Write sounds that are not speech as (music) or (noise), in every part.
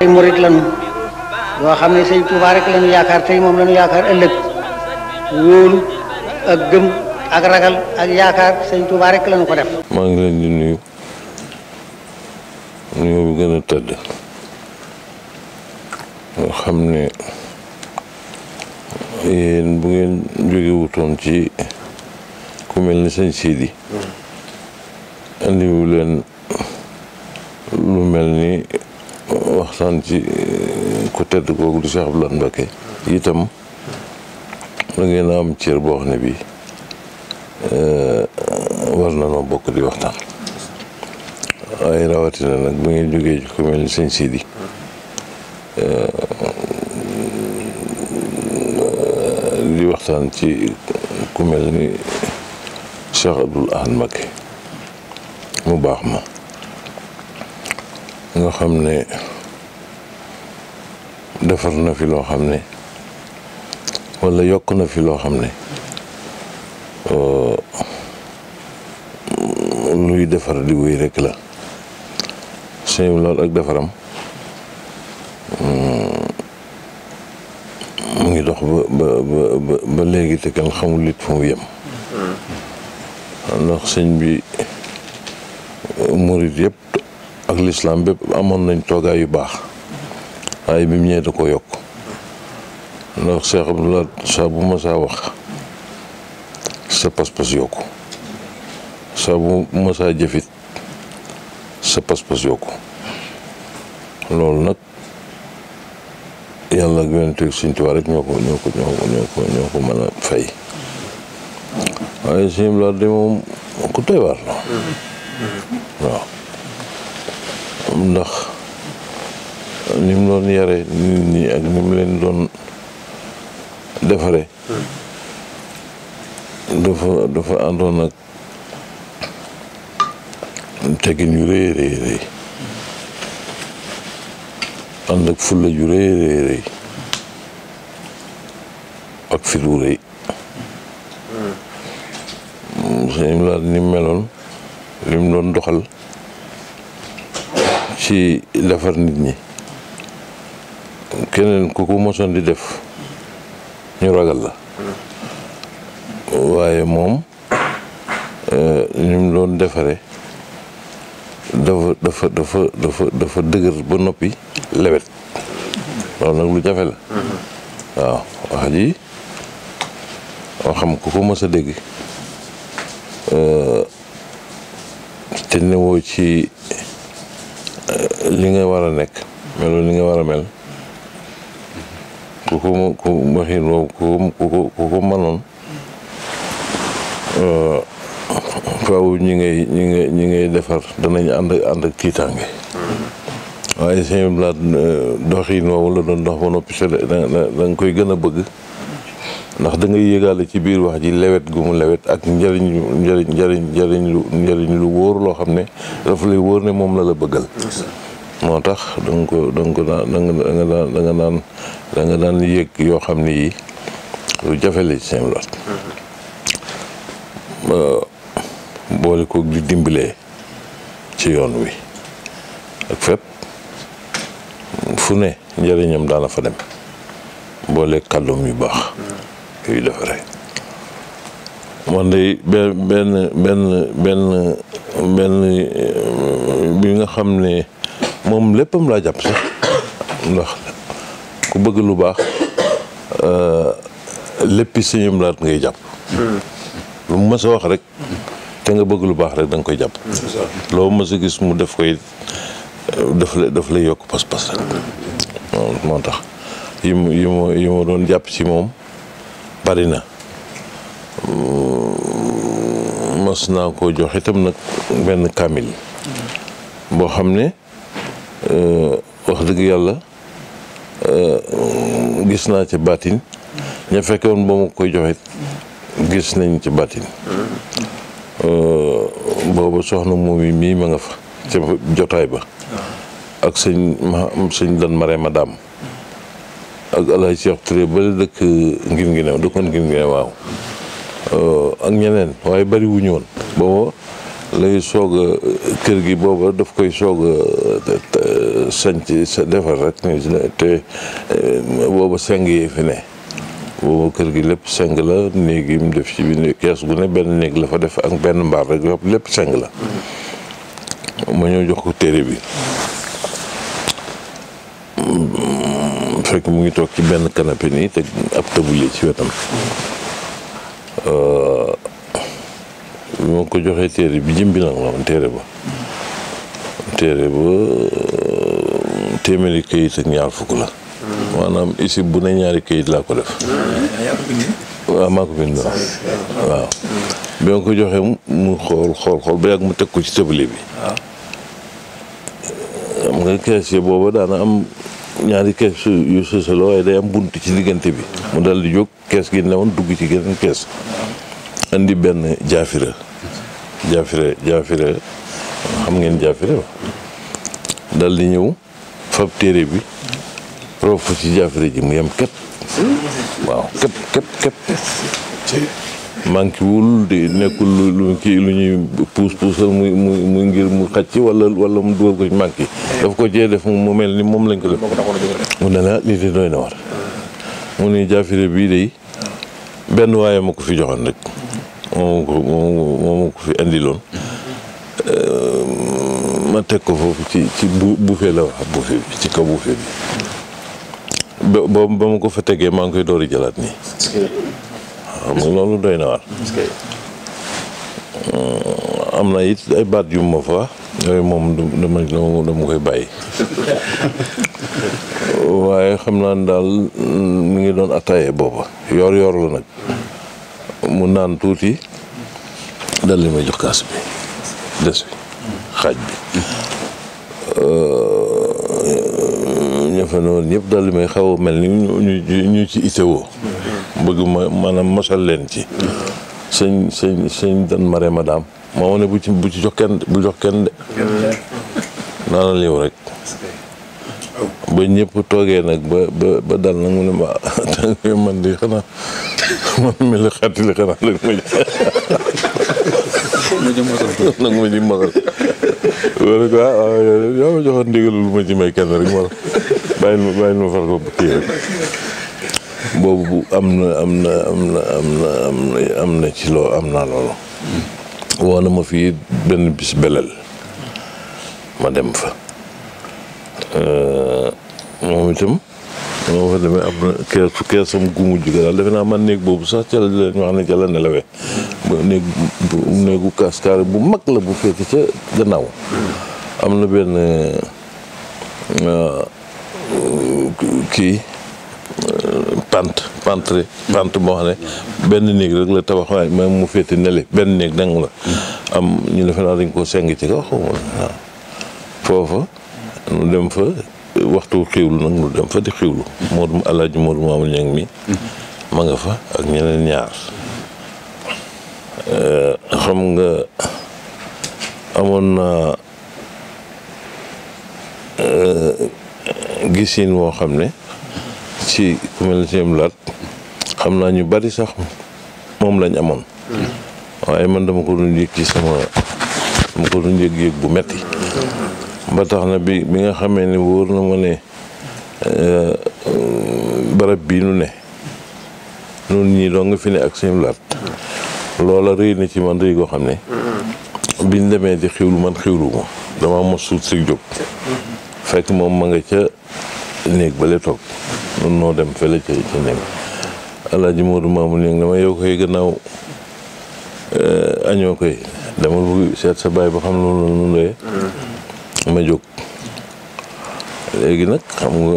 ay murit lañu yoo xam ne sëñ Tuubaa rek lañu yaakaar tey moom lañu yaakaar ëllëg wóolu ak gëm ak ragal ak yaakaar sëñ Tuubaa rek lañu def. maa ngi leen di nuyu nuyoo bi gën a tëdd nga xam ne yéen bu ngeen jóge wutoon ci ku mel ni sëñ Sidi. andiwu leen lu mel ni. waxtaan ci ku tedd googu di Cheikh Abdoulaye Mbacké itam da ngeen am cër boo xam ne bii war na noo bokk di waxtaan waaye rawatina nag bu ngeen jógee ci ku mel ni sëñ Sidi di waxtaan ci ku mel ni Cheikh Abdoul Ahad Mbacké mu baax ma nga xam ne defar na fi loo xam ne walla yokk na fi loo xam ne luy defar di wéy rekk la sëñ lool ak defaram mu ngi dox ba ba ba ba léegi te kenn xamul lit fu mu yem ndax sëñ bi murit yëpp ak lislaam bépp amoon nañ toogaay yu baax waaye bi mu ñëwee da ko yokk ndax Cheikh Abdoulaye saa bu ma wax sa pas-pas yokku saa bu ma saa jëfit sa pas-pas yokku loolu nag yàlla ak yonent ak Sëñ Tuubaa rek ñoo ko ñoo ko ñoo ko ñoo mën a fay waaye Sëñ Abdoulaye ku doy la ndax ni mu doon yare nit ñi ak ni mu leen doon defare dafa dafa àndoon ak teggin yu rëy rëy rëy ànd ak fulla ju rëy rëy rëy ak fit wu rëy sëñ Abdou Lahad ni meloon li mu doon doxal ci defar nit ñi keneen ku ko mosoon di def ñu ragal la waaye moom ñu eh, mu doon defare dafa dafa dafa dafa dëgër ba noppi lewet loolu nag lu jafe la waaw wax waxam ku ko mës a dégg eh, te newoo ci li nga war a nekk melul li nga war a mel ku ko ku machine boobu ku ko ku ko mënoon euh, faaw ngay ñi ngay defar danañ ànd ànd ak tiitaange mm-hmm. waaye seen i euh, doxin woowu la doon dox ba noppi da nga koy gën a bëgg. ndax dangay ngay yëgaale ci biir wax ji lawet gu mu lewet ak njëriñ njëriñ njëriñ njëriñ lu njëriñ lu wóor loo xam ne dafa lay wóor ne moom la la bëggal moo tax da nga ko danga nga ko daan da yoo xam ne yi lu jafe seen lot boole ko di dimbalee ci yoon wi ak fépp fu ne njëriñam daana fa dem boole kàllum yu baax yu de benn benn benn benn benn nga xam ne moom léppam laa jàpp sax ndax ku bëgg lu baax euh, léppi sëñam laat ngay jàpp lu mu mës a wax rek te nga bëgg lu baax rek da nga koy jàpp loo mës a gis mu def koy daf la daf lay yokk pas-pas rek moo tax yi mu yi ma yi ma doon jàpp ci moom bari na mos mm, naa ko jox itam nag benn kaamil boo xam ne euh, wax dëgg yàlla euh, gis naa ci baatin ña fekke woon ma koy joxit gis nañ ci baatin euh, boobu soxna moom yi mii ma nga fa ca jotaay ba ak sëñ ma sëñ dan mare ma daam ak El Hadj Cheikh Touré ba dëkk ngir ngi ne dëkkoon ngir ngi ne euh, ak ñeneen waaye bari wuñu woon lay soog a kër gi booba daf koy soog a sanc sa defar rek te euh, booba seng yi fi ne booba kër gi lépp seng la néeg yi mu def ci bi kees gu ne benn néeg la fa def ak benn mbaar rek lépp seng la ma ñëw jox ko téere bi fekk mu ngi toog ci benn canapé nii te ab tablier ci wetam euh, moo ko joxee téere bi jëm nag la téere ba téere ba euh, téeméeri këyit ak ñaar fukk la maanaam ici bu ne ñaari këyit laa ko def waaw maa ko bind waaw bi ma ko joxee mu xool xool xool ba yàgg mu teg ko ci tablier bi xam nga kees yi daana am ñaari kees yu sësaloo day am bunt ci diggante bi mu daldi di jóg kees gi newoon dugg ci geneen kees andi benn jaafira jaafira jaafira xam ngeen jaafira daldi ñëw fab téere bi prof ci jaafira ji mu yem képp waaw képp képp képp manqué wul di nekkul lu kii lu ñuy puus puusal muy muy ngir mu xacc wala wala mu dugal ko ci manqué dafa ko jee def mu mel ni moom lañ ko def mu ne la lii de doy na war mu ne jaafire bii de benn waaye ma ko fi joxoon rek moom ko ko fi indiloon ehm, ma teg ko foofu ci ci la wax buufee bi ci kaw buufee bi ba ba ma ko fa tegee maa ngi koy door a jëlaat nii xam nga loolu doy na waar. Mm, am na it ay baat yu ma fa yooyu moom dama koy bàyyi (laughs) waaye xam naa ne daal mu mm, ngi doon attaaya booba yor yor la nag mu naan tuuti dal li may jox kaas bi des bi xaaj bi mm. euh, def na noonu ñëpp daal di may xaw a mel ni ñu ci itewoo bëgg ma maanaam mosal leen ci sëñ sëñ sëñ dan mare madame moo ma ne bu ci bu ci jox kenn bu jox kenn de naa la rek ba ñëpp toogee nag ba ba dal nag mu ne ma (laughs) man di xanaa (laughs) man mi la xattili xanaa nag ma ma ji (laughs) mosal wala quoi ma ci may kenn rek moo bàyyi nu far ko kii rek boobu am na am na am na am na am na am na ci loo am naa loolu woo na benn bis ma dem fa moom am na keesu keesam gu mujj ga daal defe naa man néeg boobu sax ca la leen ne ca la nelawee bu néegu kaskaar bu mag la bu fekk ca gannaaw am na benn Euh, kii euh, pant pantre pant boo xam benn néeg la tabax waaye même mu féete nele benn néeg dang la am ñu ne fanaa dañ ko seng ci kaw xaw foofa nu dem fa waxtu xiwlu nag nu dem fa di xiwlu moodum alaaji moodum maamul ñang mi ma nga fa ak ñeneen ñaar euh, xam nga amoon na gisin woo xam ne ci ku mel ne seen laat xam naa ñu bari sax moom lañ amoon waaye man dama ko doon yëg ci sama dama ko doon yëg-yëg bu metti ba tax na bi bi nga xamee ne wóor na ma ne euh, barab bii nu ne noonu ñii doo nga fi ne ak seen laat loola rëy na ci man rëy goo xam ne biñ demee di xiwlu man xiwlu ma dama mos suut si jóg fekk moom ma nga ca néeg bale toog noonu noo dem fële ci ca néeg alaaji Modou Mamoun néeg dama yow gannaaw eh, añoo koy dama seet sa baay ba xam loolu la nu doyee mm-hmm. ma jóg léegi nag xam nga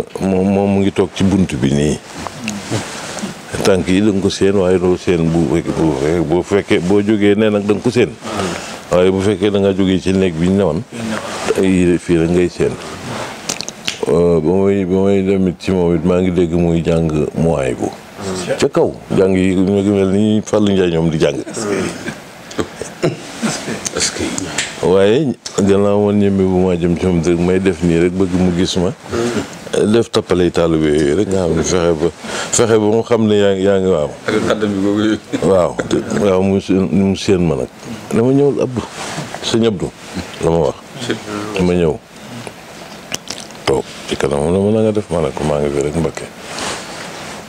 moom ngi toog ci bunt bi nii mm-hmm. tànk yi da nga ko seen waaye doo seen bu fekkee boo jógee nee nag da ko seen mm-hmm. waaye bu fekkee da nga jógee ci néeg bi ñu newoon fii rek ngay seen Euh, ba may demit ci moom it maa ngi dégg muy jàng mooy bu ca kaw jàng yi ñu ngi mel ni Fallou Ndiaye ñoom di jàng waaye gannaaw man ñembe bu maa jëm ci moom te may def nii rek bëgg mu gis ma def tappalay taalibe yooyu rek nga xam ne fexe ba fexe mu xam ne yaa ngi yaa ngi waaw waaw mu seen ma nag dama ñëwul Abdou sëñ Abdou la ma wax dama ñëw toog ci kanam mu ne ma ah, na nga def ma ne ko maa ngi fi rek mbakke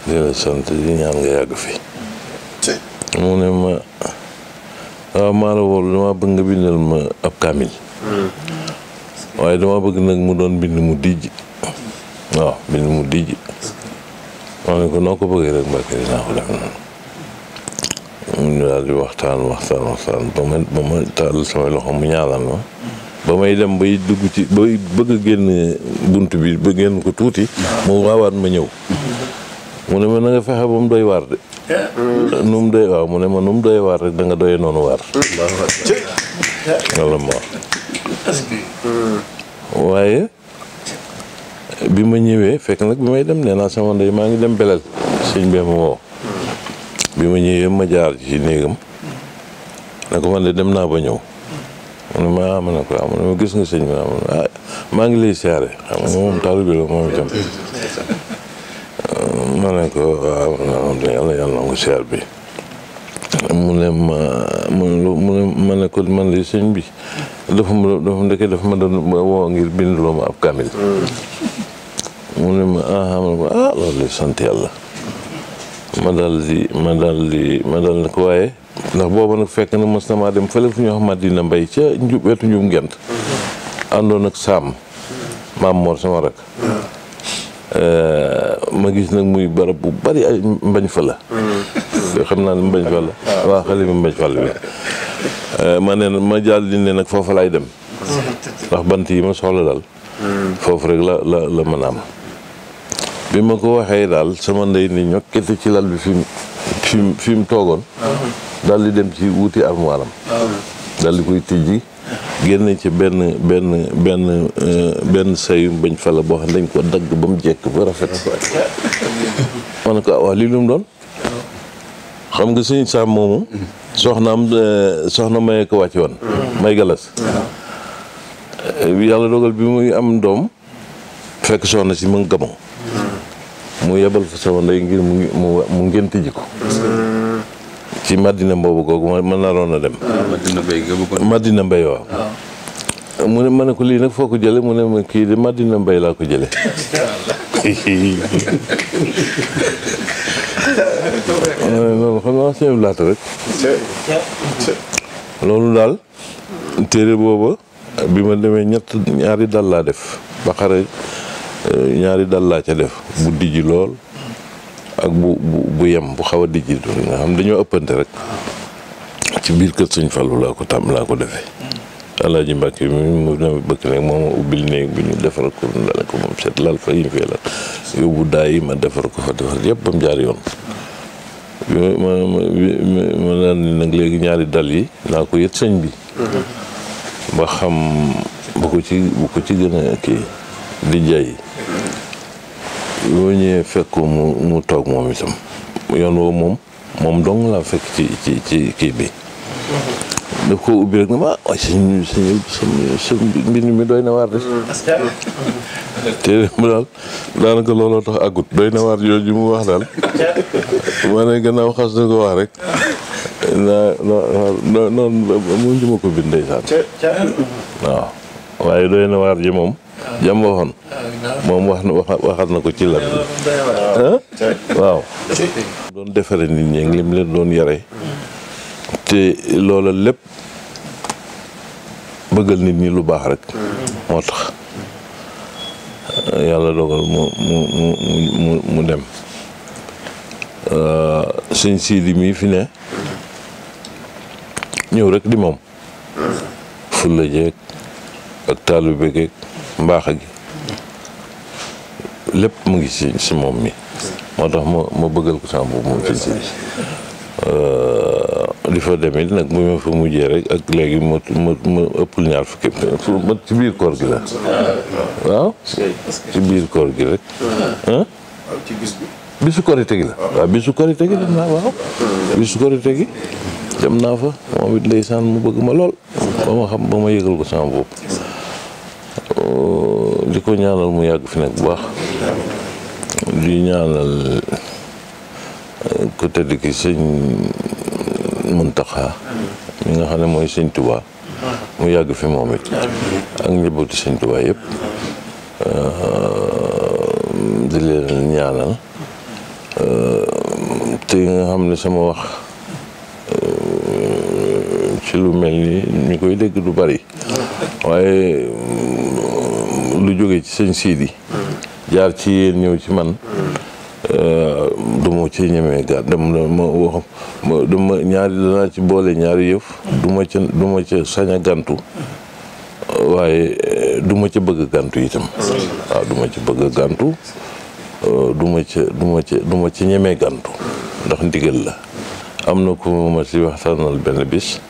di la sant di ñaan nga yàgg fi mu ne ma waaw maa la woolu dama bëgg nga bindal ma ab kaamil waaye hmm. dama bëgg nag mu doon bind mu dijj waaw ah, bind mu dijj ma ne ko noo ko bëggee rek mbakke dinaa ko def ñu daal di waxtaan waxtaan waxtaan ba ma ba ma taal samay loxo mu ñaanal ma ba may dem bay dugg ci bay bëgg a génn bunt bi ba génn ko tuuti mu waawaat ma ñëw mu ne ma na fexe ba mu doy waar de eh? nu mu doy waaw mu ne ma nu mu doy waar rek da nga doyee noonu waar wala ma hmm. waaye bi ma ñëwee fekk nag bi may dem nee naa sama maa ngi dem belal sëñ bi ma woo bi ma ñëwee ma jaar ci néegam na ko man de dem naa ba ñëw mu ne ma ah, ma ne ko ah, ah, maa ngi lay siyaare xam ko waaw yàlla yàlla na ko siyaar bi mu ne ma mu ne ko man lay sëñ bi dafa ma dafa dafa ma doon woo ngir binduloo ma ab kaamil mu ne ma ah ma ne ko ah loolu sant yàlla ma daal di ma daal di ma daal di ko waaye ndax booba nag fekk na mos namaa dem fële fu ñu xam dina mbay ca njub wetu njub ngent àndoon ak saam maam Mor sama rak euh, ma gis nag muy barab bu bari ay mbañ fa la mm-hmm. xam naa ne mbañ fa la ah. waaw xale euh, ma ne ma jàll li ne nag foofa laay dem ndax bant yi ma soxla dal mm-hmm. foofu rek la la la mën am bi ma ko waxee daal sama ndey ni ñokkete ci lal bi fi mu fi mu toogoon mm-hmm. dal di dem ci wuti armoire am dal di koy tijji génn ci benn benn benn euh, benn sayum bañ fa la boo xam dañ ko dagg ba mu jekk rafet ma ne ko ah, waaw lii lu nga suñu Saam moomu soxnaam euh, soxna mayee ko wàcce woon may galas yàlla dogal bi muy am doom fekk soxna si mu ngi mu yebal fa sama ndey ngir mu mu ngénte ko ci Madina boobu googu ma naroon dem. Madina Mbay waaw. Ah. mu ne ma ne ko lii nag foo ko jëlee mu ne ma kii de Madina Mbay laa ko jëlee. loolu (laughs) eh, xam naa seen laata rek. loolu daal ñett ñaari dal la def ba xare eh, ñaari dal la ca def bu dijji lool. ak bu bu yem bu xaw a dijji nga xam dañoo ëppante rek ci biir kër Sëñ Fallu laa ko tam laa ko defee a Mbàkke mi mu ne bëkk nag moom a ubbil néeg bi ñu defar ko dala ko moom seet lal fa yi fee lal yóbbu daay yi ma defar ko fa defar yëpp ba mu jaar yoon ma ma naan ni nag léegi ñaari dal yi naa ko yët sëñ bi mm-hmm. ba xam bu ko ci bu ko ci gën a kii di loo ñëwee fekk mu toog moom itam yoon woo moom moom dong laa fekk ci ci ci kii bi. daf ko ubbi rek ne ma ah suñu suñu mi doy na waar de. te daal daanaka looloo tax àggut doy na waar yooyu mu wax daal. (laughs) ma ne gannaaw xas na ko wax rek. naa non mu ngi ko bind ndeysaan. waaw waaye doy na waar ji moom. jam waxoon moom wax na waxat na ko ci lan waaw doon defare nit ñi ak leen doon yare te loola lépp bëggal nit ñi lu baax rek moo tax yàlla dogal mu mu mu mu dem euh, sëñ Sidi mii fi ne ñëw rek di moom fulla jeeg ak taalu begeeg mbaax gi lépp mu ngi ci ci moom mi moo tax ma ma bëggal ko sama bopp moom fii si di fa demee nag bu ma fa mujjee rek ak léegi ma ma ma ëppul ñaar fukki ma ci biir koor gi la waaw ci biir koor gi rek ci bis bi la waaw bisu korite gi dem naa fa moom it ndeysaan mu bëgg ma lool ba ma xam ba ma yëgal ko sama bopp ko di ko ñaanal mu yàgg fi nag bu baax di ñaanal euh, ku tedd ki sëñ Muntaxa mi nga xam ne mooy sëñ Tuubaa mu yàgg fi moom it ak njabootu sëñ Tuubaa yëpp euh, di leen ñaanal euh, te nga xam ne sama wax ci lu mel ni ñu koy dégg du bari waaye lu jóge ci sëñ Sidi. jaar ci yéen ñëw ci man. Euh, du ma ci ñemee gaa dem ma ci boole ñaari du ma ca du ma sañ a waaye euh, du ma bëgg gantu itam. waaw du ma ca bëgg gàntu. duma ma ca du ma ca ñemee gàntu. ndax ndigal la. am na ko ma si waxtaanal benn bis.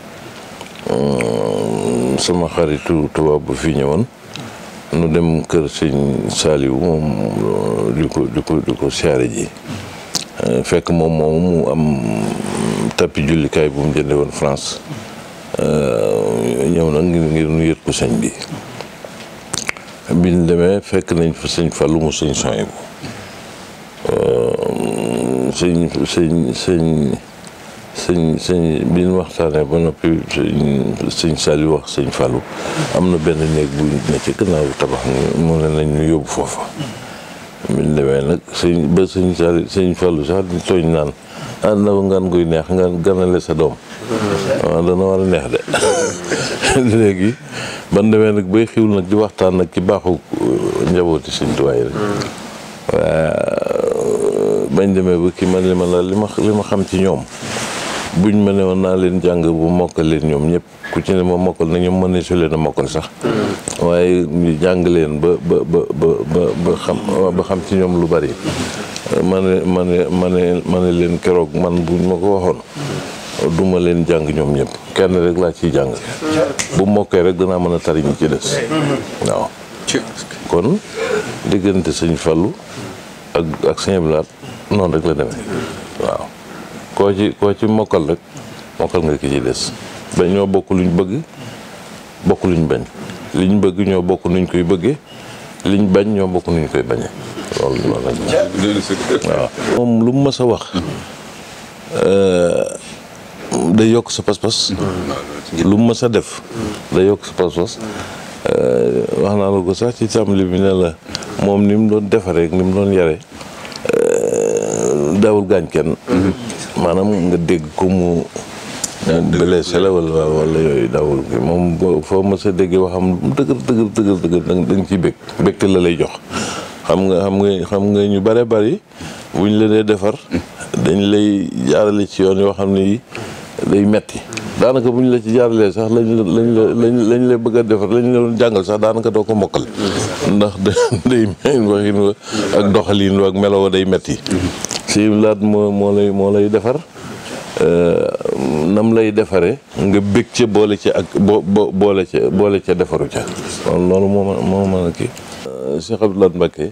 Euh, suma xaritu tubaab bu fi ñëwoon. nu dem kër sëñ Saliou moom euh, di ko siyaare ji euh, fekk moom moomu mu am tappi jullikaay bu mu jënde woon France euh, ñëw na ngir ngir nu yët ko bi bi ñu demee fekk nañ fa sëñ Fallou mu sëñ Soyibu sëñ sëñ sëñ sëñ sëñ bi ñu waxtaanee ba noppi sëñ Saliou wax sëñ Fallou am na benn néeg bu ne ci gannaaw tabax ni mu ne nañ ñu yóbbu foofa mi nag sëñ ba sëñ Saliou sëñ Fallou sax di tooñ naan ah ndaw ngaan guy neex nga ganale sa doom waaw dana war a neex de (laughs) léegi ban demee nag bay xiwul nag di waxtaan nag ki baaxu uh, njabooti sëñ tuwaay rek mm. bañ demee bu ki man li ma la li ma xam ci ñoom buñ ma ne woon naa leen jàng bu mokkal leen ñoom ñëpp ku ci ne ma mokkal na ñoom mën ne su leen a mokkal sax hmm. waaye ñu jàng leen ba ba ba ba xam ba xam ci ñoom lu bari ma ne ma ne ma ne leen keroog man buñ ma ko waxoon hmm. duma leen jàng ñoom ñëpp kenn rek laa ciy jàng hmm. bu mokkee rek danaa mën a tariñ ci des waaw kon diggante sëñ falu ak ak Blaat noonu rek la demee waaw koo ci koo ci mokkal rek mokkal nga ki ci des ba ñoo bokk luñ bëgg bokk luñ bañ liñ bëgg ñoo bokk nuñ koy bëggee liñ bañ ñoo bokk nuñ koy bañee loolu loolu la waaw moom mës a wax euh, day yokk sa pas-pas mës a def day yokk sa pas euh, wax naa la sax ci tàmbali bi la moom ni mu doon defaree ni mu doon yare euh, daawul gaañ kenn maanaam nga dégg ko mu. blessé la wala wala yooyu dawul moom foo ma sa dégg waxam dëgër dëgër dëgër dëgër da nga ciy bég bégte la lay jox xam nga xam nga xam nga ñu bare bari buñ la dee defar dañ lay jaarale ci yoon yoo xam ni lay metti daanaka bu ñu la ci jaaralee sax lañ la lañ lay bëgg a defar lañ la doon jàngal sax daanaka doo ko mokkal ndax day (laughs) meen waxin wa ak doxalin ak melo day metti si laat moo defar eh, nam lay defare nga bég ca boole ca ak bo boole defaru ca loolu moo moo mën a kii eh, Cheikh Abdoulaye Mbacké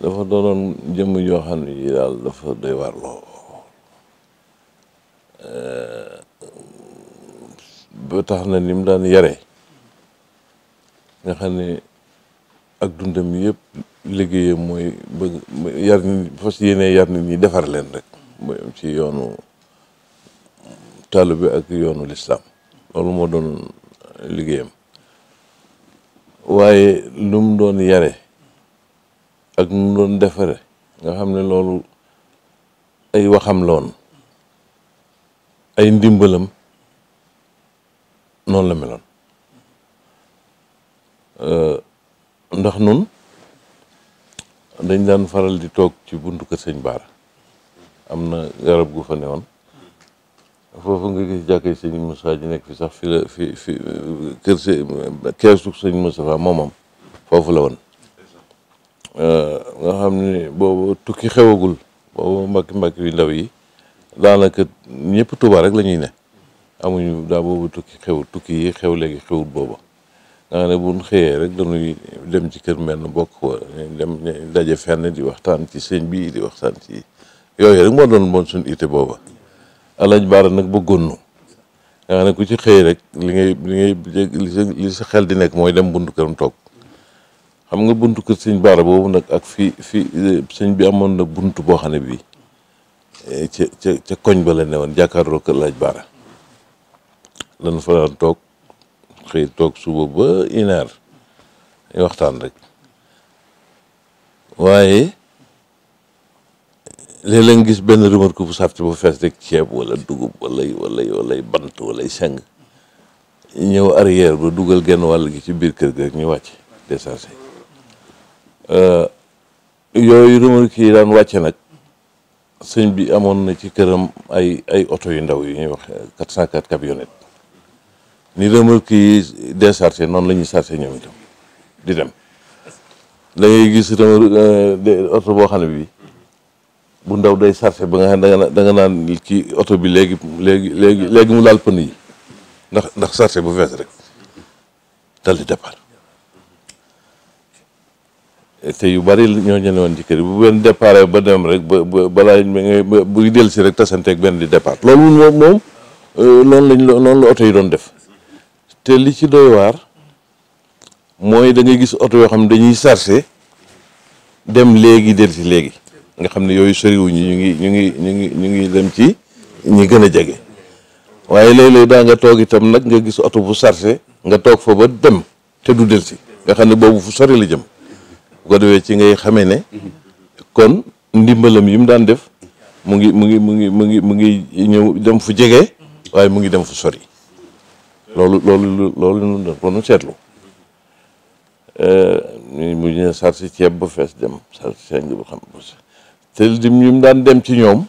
dafa doonoon jëmm yoo xam ne yi daal dafa doy waar lool eh, ba tax na ni mu daan yare nga xam ne ak dundam yépp liggéeyam mooy bëgg yar nit fas yéene yar nit ñi defar leen rek mooy ci yoonu taalu bi ak yoonu lislaam loolu moo doon liggéeyam waaye lu mu doon yare ak nu mu doon defare nga xam ne loolu ay waxam loon ay ndimbalam noonu la meloon euh, ndax nun dañ daan faral di toog ci buntu kër sëñ Baara am na garab gu fa newoon foofu nga gis jàkkee sëñ Moussa ji nekk fi sax fi fi fi kër sëñ sëñ Moustapha moomam foofu la woon euh, nga xam ni boobu tukki xewagul boobu mbàkki mbàkki yu ndaw yi daanaka ñëpp Tuuba rek la ñuy ne amuñu daa boobu tukki xew tukki yi xew léegi xewut booba nga ne buñ xëyee rek dañuy dem ci kër mel ne bokk wala dem daje fenn di waxtaan ci sëñ bi di waxtaan ci yooyu rek moo doon booba alaaj baara nag bëggoon nu nga ne ku ci xëy rek li ngay li sa xel di nekk mooy dem buntu këram toog xam nga bunt kër sëñ baara boobu nag ak fi fi sëñ bi amoon na buntu boo xam ne bii eh, ca ca ca koñ ba la ne woon jàkkaarloo kër laaj baara lan fa daan toog xëy toog suba ba une heure waxtaan rek waaye léeg-léeg gis benn remarque bu ci bu fees rek ceeb walla dugub walay walay walay bant walay seng ñëw arrière ba dugal genn wàll gi ci biir kër gi rek ñu wàcc déchargé euh, yooyu remarque yi daan wàcce nag sëñ bi amoon na ci këram ay ay oto yu ndaw yu ñuy wax quatre cent quatre camionnette ni remorque yi déchargé noonu lañuy ñuy chargé ñoom itam di dem da ngay gis remorque oto boo xam ne bii bu ndaw day chargé ba nga xam danga da nga naan ci oto bi léegi léegi léegi léegi mu laal pënd yi ndax ndax chargé bu fees rek dal di départ te yu bari ñoo ñëw woon ci kër bu benn départ ba dem rek ba ba balaa bu dellu si rek tasanteeg benn di départ. loolu moom moom euh, noonu lañ noonu la oto yi doon def. te li ci doy waar mooy da gis oto yoo xam ne dañuy sarse dem léegi del si léegi nga xam ne yooyu soriwuñu ñu ngi ñu ngi ñu ngi ñu ngi dem ci ñi gën a jege waaye léeg-léeg daa nga toog itam nag nga gis oto bu sarse nga toog fa ba dem te du del si nga xam ne boobu fu sori la jëm bu ko defee ci ngay xamee ne kon ndimbalam yi mu daan def mu ngi mu ngi mu ngi mu ngi mu ngi ñëw dem fu jege waaye mu ngi dem fu sori loolu loolu loolu ñu doon ko nu seetlu mu eh, ñu sar si ceeb ba fees dem sar si seng xam daan dem ci ñoom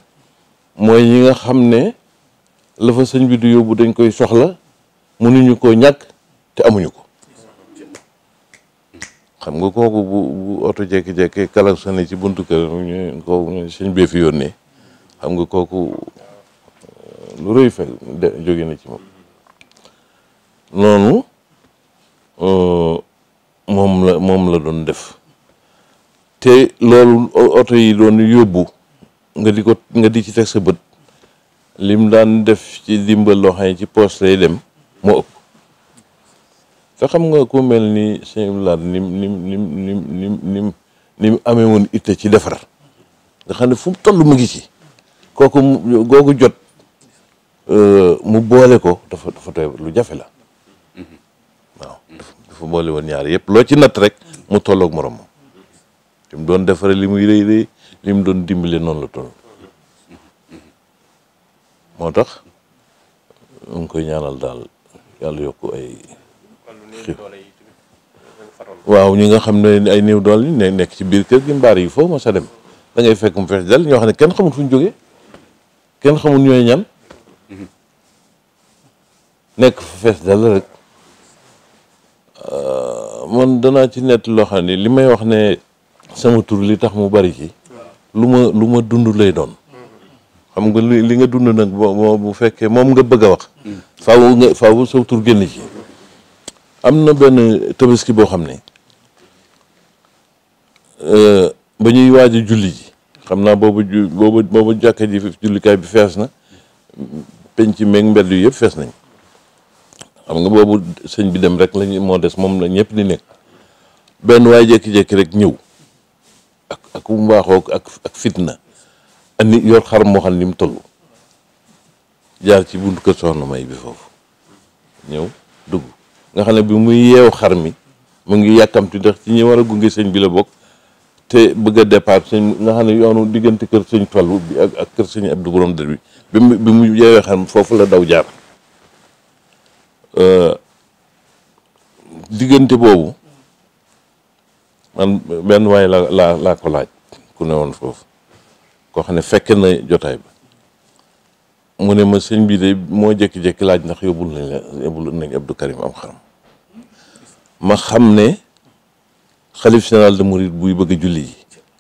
mooy ñi nga xam ne la sëñ bi du yóbbu dañ koy soxla mënuñu koo ñàkk te amuñu ko xam nga kooku bu bu oto jékki-jékki kala sane ci buntu kër ñu ko sëñ bee fi yónnee xam nga kooku eh, lu rëy fekk jóge na ci moom noonu euh, moom la moom la doon def te loolu oto yi doon yóbbu nga di ko nga di ci teg sa bët lim daan def ci dimbal loo xam ci poos lay dem moo te xam nga ku mel ni sëñ Abdoulaye nim nim nim nim nim nim nim amee woon itte ci defar nga xam ne fu mu toll mu ngi ci kooku googu jot euh, mu boole ko dafa dafa doy lu jafe la waaw dafa boole woon ñaar yëpp loo ci natt rek mu tolloog moroom li mu doon defare li mu rëy rëy li mu doon dimbale noonu la toll moo tax mu koy ñaanal daal yàlla yokk ay waaw ñi nga xam ne ay néew doole ne nekk ci biir kër gi mbaar yi foofu ma sa dem da fekk mu fees dal ñoo xam ne kenn xamul fu ñu jógee kenn xamul ñooy ñan nekk fu fees dal rek man danaa ci nett loo xam li may wax ne sama tur li tax mu bari ci lu ma lu ma dund lay doon xam nga li nga dund nag boo bu fekkee moom nga bëgg a wax faaw nga faaw tur génn ci am na benn tabaski boo xam ne euh, ba ñuy waaj a julli ji xam naa boobu ju boobu boobu jàkka ji julli bi fees na penc meeg mbedd yi yëpp fees nañ xam nga bobu señ bi dem rek lañu mo dess mom la ñepp di nek ben way jek jek rek ñew ak ak bu waxo ak ak fitna andi yor xar mo xal ni tollu jaar ci buntu kër sonu may bi fofu ñew dug nga xam bi muy yew xar mi mu ngi yàkkamti def ci ñi wara gungi gunge bi la bok te bëgg départ señ nga xane yoonu digënté kër señ tollu bi ak kër señ Abdou Borom der bi bi mu yewé xam fofu la daw jaar. Euh, diggante boobu man benn waay la laa laa ko laaj ku ne woon foofu koo xam ne fekke na jotaay ba mu ne ma sëñ bi de moo jékki-jékki laaj ndax yóbbul nañ la yóbbul nañ Karim am xaram ma xam ne xalif général de Mouride buy bëgg julli ji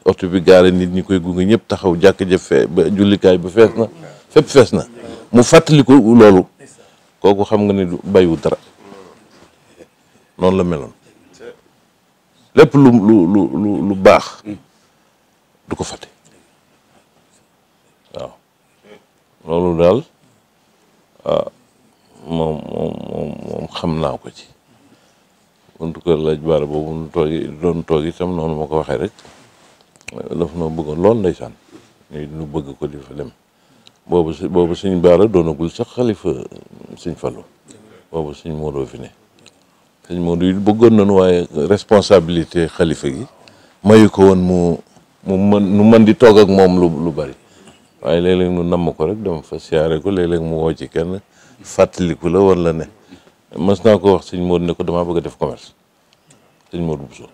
oto bi gaare nit ñi koy gunge ñëpp taxaw jàkk ja fee ba jullikaay ba fees na fépp fees na mu fàttaliku loolu kooku xam nga ni bàyyiwul dara noonu la meloon lépp lu lu lu lu lu baax du ko fàtte waaw loolu daal ah, moom moom moom xam naa ko ci buntu kër laaj baara boobu nu toog doon toog itam noonu ma ko waxee rek daf noo bëggoon lool ndeysaan ñuy nu bëgg ko di fa dem boobu si boobu suñ baara doonagul sax xalifa suñ Fallou boobu suñ Modou fi ne suñ Modou yi bëggoon nañu waaye responsabilité xalifa gi mayu ko woon mu mu mën mën di toog ak moom lu lu bari waaye léeg-léeg nu ko rek dama fa siyaare ko léeg-léeg mu woo ci kenn fàttaliku la war la ne mës naa ko wax suñ Modou ne ko damaa bëgg a def commerce suñ Modou Bousso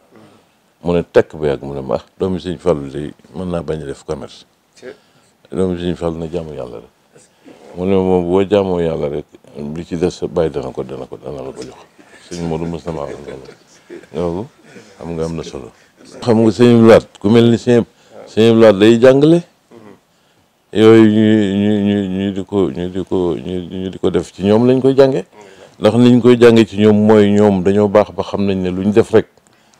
mu ne tekk ba yàgg mu ne ma ah doomi suñ Fallou de mën naa bañ a def commerce doomu na jaamu yàlla rek mu moom boo jaamoo yàlla rek bi ci des bàyyi dana ko dana ko dana la ko jox sëñ Modou mos na maa xam nga am na solo. xam nga sëñ Blaat ku mel ni sëñ sëñ Blaat day jàngale. yooyu ñu ñu ñu di ko ñu di ko ñu di ko def ci ñoom lañ koy jànge ndax niñ koy jànge ci ñoom mooy ñoom dañoo baax ba xam nañ ne luñ def rek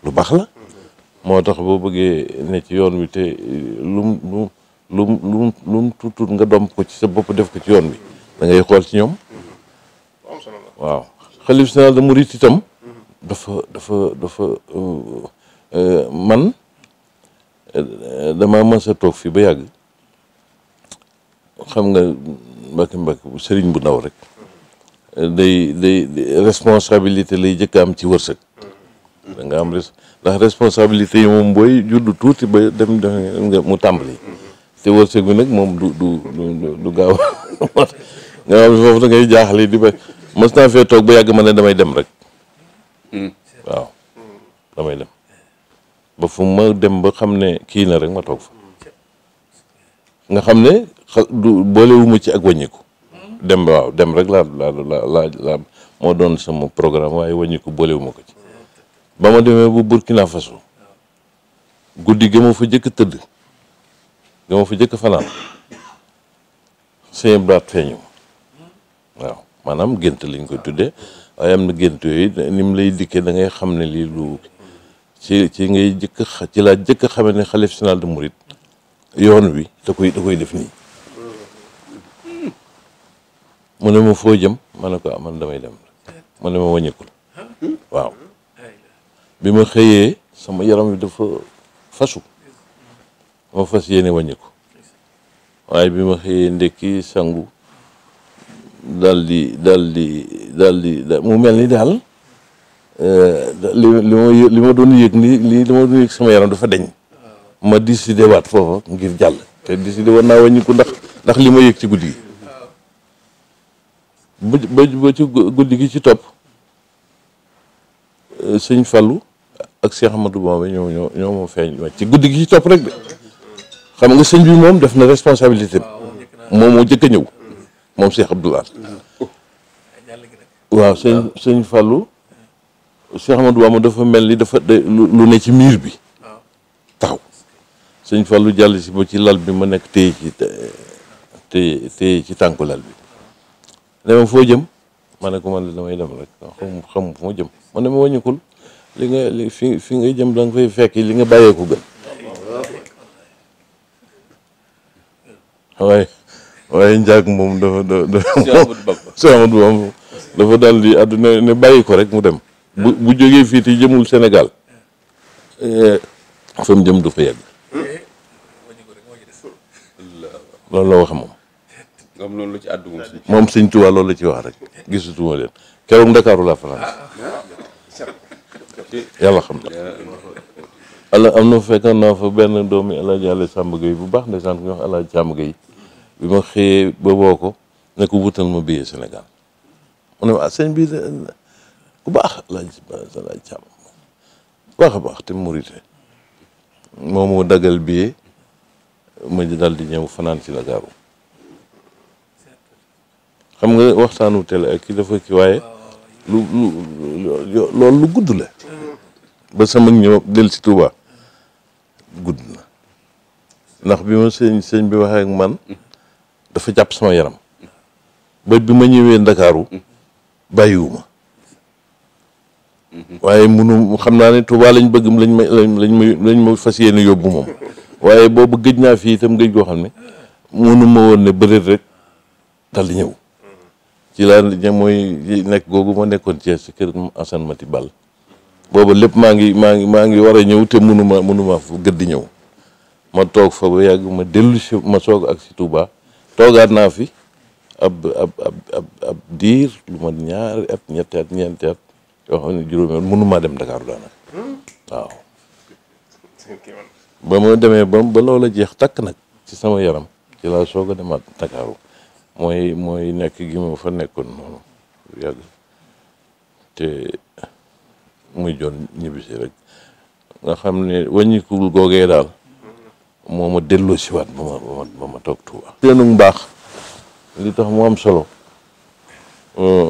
lu baax la. moo tax boo bëggee ne ci yoon wi te lu lu mu lu mu tuut tuut nga domp ko ci sa bopp def ko ci yoon bi da ngay xool ci ñoom waaw xalif général de murit itam dafa dafa dafa euh, euh, man euh, dama mës a toog fi ba yàgg xam nga mbàkki mbàkki bu sëriñ bu ndaw rek day day responsabilité lay jëkk am ci wërsëg da nga am ndax responsabilité yi moom mbooy judd tuuti ba dem def mu tàmbali te wërsëg bi nag mom du du du du gaaw (laughs) nga xam foofu da ngay jaaxle di ba mos naa fee toog ba yag ma ne damay dem rek hmm. waaw damay dem ba fu ma dem ba xam ne na rek ma tok fa nga du ne du boolewuma ci ak wàññiku dem waaw dem rek la la la la mo don sama programme waaye bole wu ko ci ba ma bu Burkina Faso guddi gi fa jëkk teud nga ma fa jëkk fanaan sëñ Blaat feeñu waaw maanaam gént lañ koy tuddee waaye am na gént yooyu ni mu lay dikkee da ngay xam ne lii lu ci ci ngay jëkk ci laa jëkk a xamee ne xalif général de Mouride yoon wi da koy da koy def nii mu ne ma foo jëm ma ne ko aman ah, damay dem mu ne ma wàññikul waaw bi ma xëyee sama yaram wi dafa fasu ma fas yene wàññiku waaye bi ma xëyee ki sangu dal di dal di dal di mu mel ni Lima li eh, li li ma doon yek ni li li ma doon yëg sama yaram dafa deñ ma décidé waat foofa ngir jàll te décidé war na wàññiku ndax ndax li ma yëg ci guddi gi ba ba ci guddi gi ci topp eh, sëñ Fallou ak Cheikh Amadou Bamba ñoo ñoo ñoo ma feeñ ci guddi gi ci topp rek xam nga sëñ bi moom def na responsabilité moom moo jëkk a ñëw moom Cheikh Abdoul Ahad waaw sëñ sëñ Fallou Cheikh Amadou Bamba mel ni dafa lu ne ci miir bi taxaw sëñ Fallou jàll si ba ci lal bi ma nekk téye ci téye ci tànku lal bi dama foo jëm ma ne ko man damay dem rek xam xam fu ma jëm man ne ma wàññikul li nga fi fi nga jëm da nga fay fekk li nga bàyyeeku gën waaye waaye njaag moom dafa dafa (laughs) dafa daal di àdduna ne bàyyi ko rek mu dem bu bu jógee fii te jëmul Sénégal eh, fa jëm du fa yegg loolu la wax moom moom loolu la ci àddu moom sëñ Tuubaa loolu la ci wax rek gisutuma leen keroog Ndakaaru laa fanaan ah. xam ala am na fekkoon naa fa benn doomi El Hadj Allé bu baax ndeysaan ku ñuy wax El Hadj Samb Gueye bi ma xëyee ba woo ko ne ko wutal ma billet Sénégal mu ne ma ah, bi ku eh, baax moom moo daggal billet ma dal di ñëw fanaan ci Ndakaaru xam nga waxtaanu télé ak ki dafa ki waaye lu lu gudd la ba sama ñëw del ci Touba. gudna nak ndax bi ma sëñ sëñ bi waxe ak man dafa japp sama yaram ba bi ma ñëwee ndakaaru bàyyiwuma munu xam naa ne lañ bëgg lañ ma lañ ma lañ ma fasiyene yobbu mom waye bo boobu gëj naa fii itam gëj goo xam ne munu ma woon ne rek dal ñew ñëw ci laa mooy nekk googu ma nekkoon Thiès ci keur Assane Mati Ball bobu lepp maa ngi maa ngi maa ngi war a ñëw te munuma munuma gëdd ñew ma tok fa ba yag ma delu ci ma sok ak ci Touba togaat na fi ab ab ab ab dir lu ma ñaar ep ñet ñet ñent at yo xamni juroom juróomi at dem Dakar daanaka waaw ba mo demee ba ba loola jeex tak nak ci sama yaram ci la soga a demaat Dakaaru moy mooy gi mo fa nekkon noonu te muy joon ñibbisi rek nga xam ne wàññikul googee daal moo ma delloo si waat ba ma ba ma toog Tuuba li tax mu am solo euh,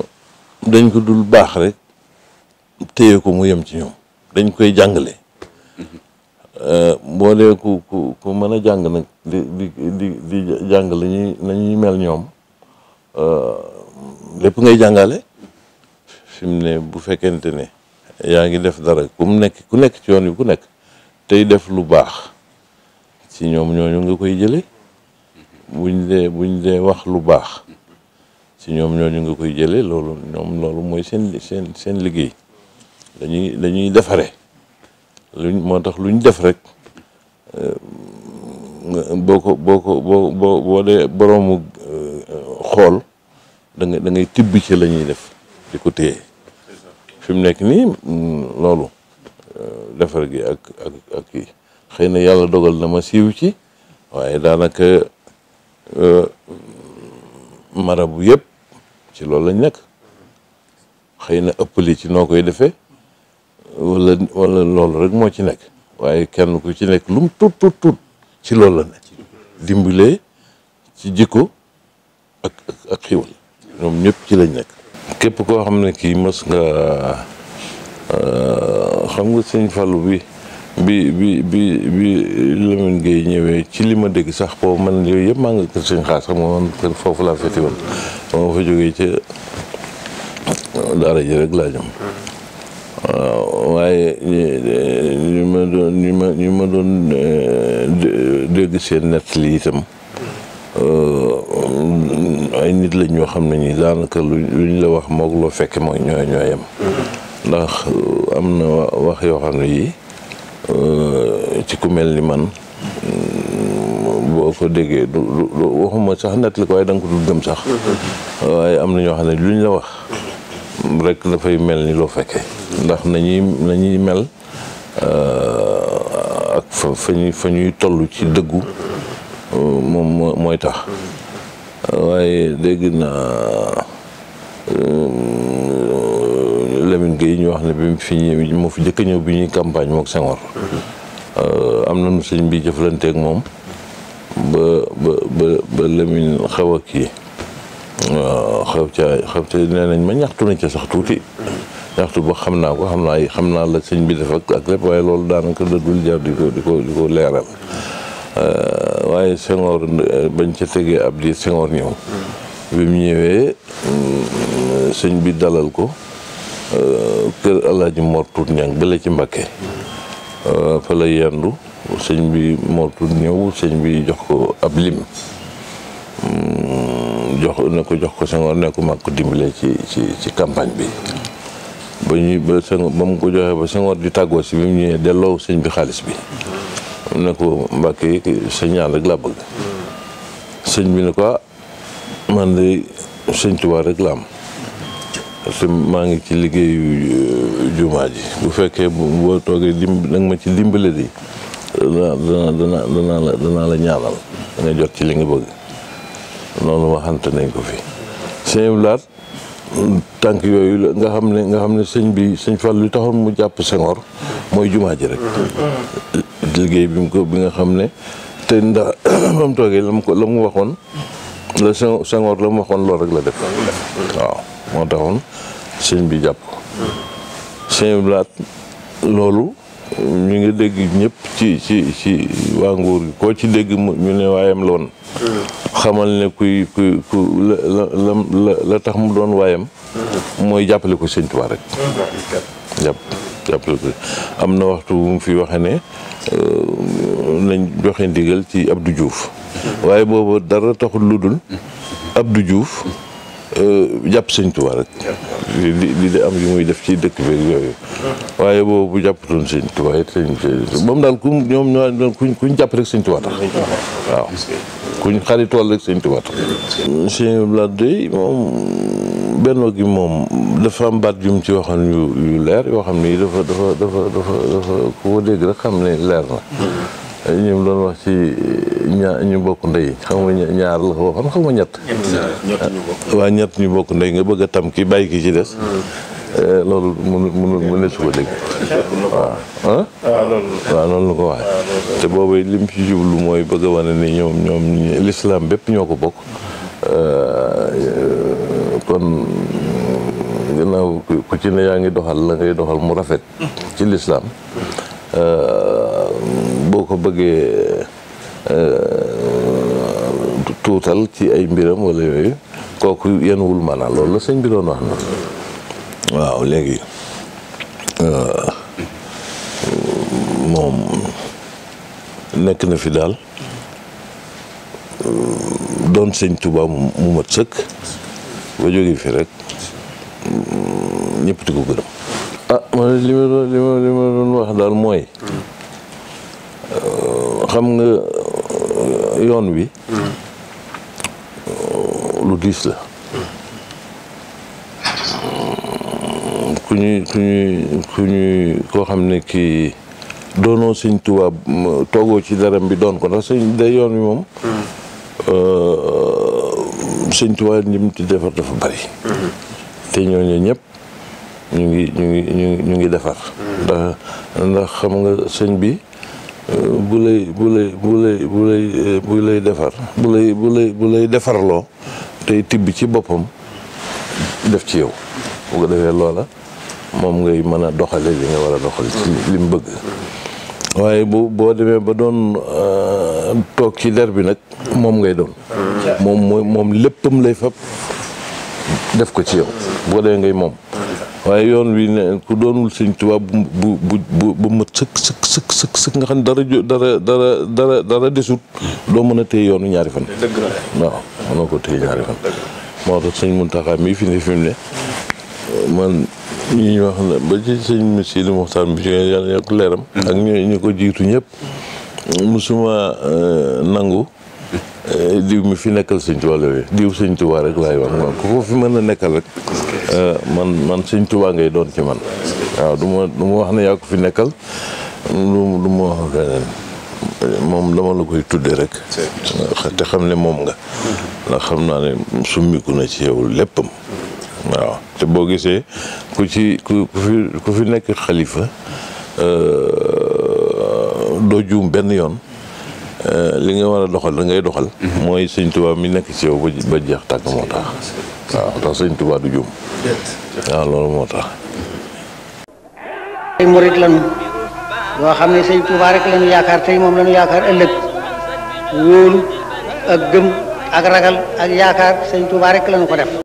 dañ ko dul baax rek téye ko mu yem ci ñoom dañ koy jàngale euh, boo dee ku ku ku mën a jàng nag di di jàng la ñuy nañuy mel ñoom euh, lépp ngay jàngale fim ne bu fekkente ne yaa ngi def dara ku mu nekk ku nekk ci yoon wi ku nekk tey def lu baax ci ñoom ñooñu nga koy jële buñ dee buñ dee wax lu baax ci ñoom ñooñu nga koy jële loolu ñoom loolu mooy seen seen seen liggéey dañuy dañuy defare luñ moo tax luñ def rek euh, boo ko boo ko boo boo boo dee boroomu euh, xool da nga da ngay tibb ci la ñuy def di ko téye fi mu nekk nii mm, loolu euh, defar gi ak ak ak kii xëy na yàlla dogal na ma siiw ci waaye daanaka euh, marabu yépp ci loolu lañ nekk xëy na ëppali ci noo koy defe wala wala loolu rek moo ci nekk waaye kenn ku ci nekk lum tut tut tut ci loolu la ne dimbalee ci jikko ak ak xiwal ñoom ñëpp ci lañ nekk képp koo xam ne kii mës nga euh, xam nga sëñ Fallou bi bi bi bi bi Lamine ñëwee ci li ma dégg sax boobu man yooyu yëpp maa nga kër sëñ xaas xam nga foofu laa fete woon moo fa jógee ca euh, daara ji rek laa jëm waaye euh, ñu ma doon ñu ma doon dégg seen nettali itam Euh, ay nit lañ ñoo xam ne ñi daanaka lu ñu la wax moog loo fekkee mooy ñooy ñooyam ndax euh, am na wax yoo xam ne yi euh, ci ku mel ni man mm, boo ko déggee du waxuma sax nettali ko waaye da nga ko dul gëm sax waaye am na ñoo xam ne lu ñu la wax rek dafay mel ni loo fekke ndax nañuy nañuy mel ak fa fa ñuy fa ñuy toll ci dëggu moom mooy tax waaye dégg naa Lamine Gueye ñu wax ne bi fi ñëw moo fi njëkk a ñëw bi ñuy campagne mook Senghor am nañu sëñ bi jëflanteeg moom ba ba ba ba Lamine xew a kii waaw xew ca xew ca nee nañ ma ñaxtu nañ ca sax tuuti ñaxtu ba xam naa ko xam naa yi xam naa la sëñ bi def ak ak lépp waaye loolu daanaka dëddul jaar di ko di ko di ko leeral waaye Senghor eh, bañ ca tegee ab diir Senghor ñëw bi mu ñëwee mm, sëñ bi dalal ko eh, kër alaaji Mor Tuut ñang bële ci Mbàkke eh, fa la yendu sëñ bi Mor Tuut ñëw sëñ bi jox ko ab lim mm, jox ne ko jox ko Senghor ne ko mag ko dimbalee ci ci ci campagne bi ba ñuy ba Senghor ba mu ko joxee ba Senghor di tàggoo si bi mu ñëwee delloo sëñ bi xaalis bi mu ne ko Mbàkke sa ñaan rek laa bëgg sëñ bi ne ko ah, man de sëñ Tuubaa rek la am que maa ngi ci liggéey euh, jumaa ji bu fekkee boo toogee dimb nag ma ci dimbale di dana danaa la ñaanal da jot ci li nga bëgg noonu waxante nañ ko fi sëñ laat tànk yooyu nga xam ne nga xam ne sëñ bi sëñ Fall lu taxoon mu jàpp Senghor mooy jumaa ji rek liggéey bi mu ko bi nga xam ne te ndax (clears throat) ba mu toogee la mu ko la mu waxoon la Senghor la mu waxoon loolu rek la def waaw moo taxoon sëñ bi jàpp ko bi laat loolu ñu ngi dégg ñépp ci ci ci waa nguur gi koo ci dégg ñu ne waayam la xamal ne kuy kuy ku la la la tax mu doon waayam mm-hmm. mooy jàppale ko sëñ Tuubaa rek mm-hmm. à peu am na waxtu mu fi waxe ne euh, nañ joxe ndigal ci Abdou juuf waaye boobu dara taxul lu dul Abdou Diouf euh, jàpp sëñ Tuubaa rek li de am yu muy def ci dëkk beeg waaye boobu jàpp sëñ Tuubaa it moom daal ku ñoom kuñ jàpp rek sëñ Tuubaa tax waaw kuñ xaritool rek sëñ Tuubaa sëñ Abdoulaye Doy moom benn gi moom dafa am baat jum ci waxoon yu leer yoo xam ne dafa dafa dafa dafa dafa ku ko dégg rek xam ne leer na ñu doon wax ci ñaar ñu bokk ndey xam nga ñaar la nga ñett waa ñett ñu bokk ndey nga bëgg a tam ki bàyyi ki ci des hmm. Eh, loolu mënu mënu mëne su ko dégg waaw ah, waaw la ko waxee ah, te boobu lim ci jublu mooy bëgg a wane ni ñoom ñoom lislaam bépp ñoo ko bokk eh, kon gannaaw ku ci ne yaa ngi doxal la ngay doxal mu rafet ci lislaam eh, boo ko bëggee tuutal ci ay mbiram wala yooyu kooku yenwul maanaam loolu la sëñ bi wax na waaw léegi euh, moom nekk na fi daal euh, doon sëñ Touba mu mat sëkk ba jógee fi rek euh, ñëpp ko gërëm. ah man li ma li ma doon wax daal mooy. xam nga yoon wi. lu diis la. ku ñuy ku ñuy koo xam ne kii doonoo sëñ tubaab toogoo ci daram bi doon ko ndax sëñ day yoon bi moom hmm. euh, sëñ Tuubaa li mu ci defar dafa bari hmm. te ñooñu ñëpp ñu ngi ñu ngi ñu ñu ngi defar hmm. ndax ndax xam nga sëñ bi euh, bu lay bu lay bu lay bu lay euh, bu lay defar bu lay bu lay bu lay tey tibb ci boppam def ci yow bu ko defee loola moom ngay mën a doxale li nga war a doxale li mu bëgg waaye boo boo demee ba doon euh, toog ci der bi nag moom ngay doon moom mooy moom léppam lay fab def ko ci yow boo demee ngay moom waaye yoon wi ne ku doonul sëñ Tuubaa bu bu bu bu mat sëkk sëkk sëkk sëkk nga xam ne dara dara dara dara dara desut doo mën a téye yoonu ñaari fan waaw mënoo ko téye ñaari fan moo tax sëñ Muntaxa mii fi ne fi ne ñi wax na ba ci sëñ monsieur di Muxtaar bi ci yàlla yokk leeram ak ñu ñu ko jiitu ñëpp musuma euh, nangu euh, diw mi fi nekkal sëñ Tuubaa la diw sëñ Tuubaa rek laay waaw ko fi mën a nekkal rek euh, man man sëñ Tuubaa ngay doon ci man waaw du ma wax ne yaa ko fi nekkal du du moom dama la koy tudde rek te xam ne moom nga ndax xam naa ne summiku na ci yow léppam waaw te boo gisee ku ci ku fi ku fi nekk xalifa euh, doo juum benn yoon euh, li nga war a doxal da doxal. Mhm. mooy sëñ Tuubaa mi nekk ci yow ba jeex tàkk moo tax. waaw tax du juum. waaw loolu moo tax. ay murit lañu yoo xam ne sëñ Tuubaa rek yaakaar tey moom lañu yaakaar ëllëg wóolu ak gëm ak ragal ak yaakaar sëñ Tuubaa rek lañu ko def.